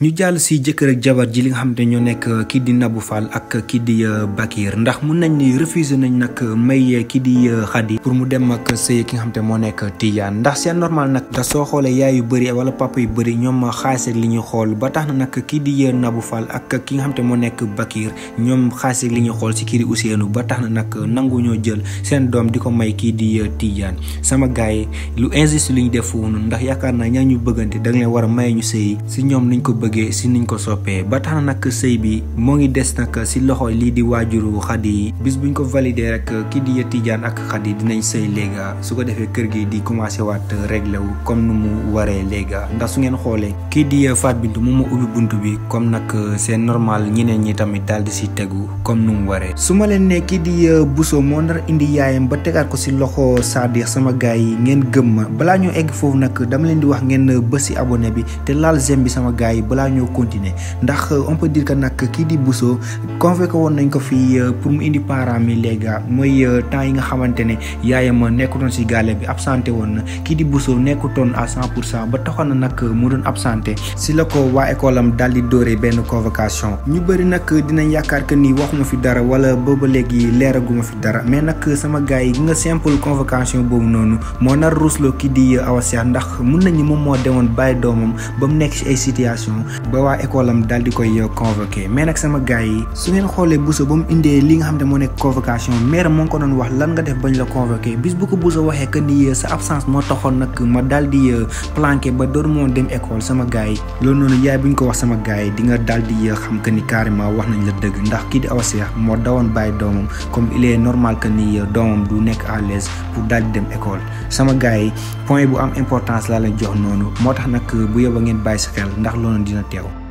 ñu jall si jëkër ak jabar ji li nga xamanté ñoo nekk ki di Nabou Fall ak ki di euh, Bakir ndax mu nañ ni refusé nañ nak may euh, ki di euh, khadi pour mu dem ak sey ki nga xamanté mo nekk Tidiane ndax c'est normal nak da so xolé yaay yu bëri wala papa yu bëri ñom xaalis ak li ñu xol ba tax nak ki di Nabou Fall ak ki nga xamanté mo nekk Bakir ñom xaalis ak li ñu xol si kiri di Ousseynou ba tax nak nangu ñoo jël seen dom di may ki di Tidiane sama gaay lu injuste li ñu def ndax yaakaar naa ñaa bëggante da nga wara may ñu sey si ñom niñ ko bëggé ci niñ ko soppé ba tax nak sey bi mo ngi dess nak ci loxo li di wajuru xadi bis buñ ko validé rek ki di ya ak xadi dinañ sey suka su ko défé kër gi di commencé wat réglé wu comme nu mu waré léga ndax su ngeen xolé ki di faat bintu moom moo ubi buntu bi comme nak c'est normal ñeneen ñi tamit dal di sitagu, téggu comme nu mu waré su ma leen di ya buso mo ndar indi yaayam ba tégal ko ci loxo sadiq sama gaay ngene ngeen gëm bala ñu egg ngene nak dama leen di wax ngeen bëssi abonné bi té laal zem sama gaay balaa ñoo continuer ndax euh, on peut dire que nag kii di Bousso convoqué woon nañ ko fii euh, pour mu indi parent mi léegi mooy euh, temps yi nga xamante ne yaayam nekkutoon si gaale bi absenté woon na kii di Bousso nekkutoon à cent pour cent ba taxoon na nag mu doon absenté si la ko waa école am daal di dóoree benn convocation ñu bëri nag dinañ yaakaar que ni waxuma fi dara wala booba léegi leeraguma fi dara mais nag sama gars yi nga simple convocation boobu noonu moo nar rusloo kii di Awa Cheikh ndax mun nañu moom moo demoon bàyyi doomam ba mu nekk si ay situation ba waa école am daal di koy convoqué mais nag sama gars yi su ngeen xoolee Bousso ba mu indee li nga xam ne moo nekk convocation maire moo ngi ko doon wax lan nga def bañ la convoqué bis bu ko Bousso waxee que ni euh, sa absence moo taxoon nag ma daal di euh, planqué ba doon moo dem école sama gars yi loolu noonu yaay bu ñu ko wax sama gars yi di nga daal di euh, xam que ni carrément wax nañ la dëgg ndax kii di Awa Cheikh moo dawoon bàyyi doomam comme il est normal que ni doomam du nekk à l'aise pour daal di dem école sama gars yi point bu am importance laa leen jox noonu moo tax nag bu yóbbu ngeen bàyyi sa xel ndax loolu 掉了。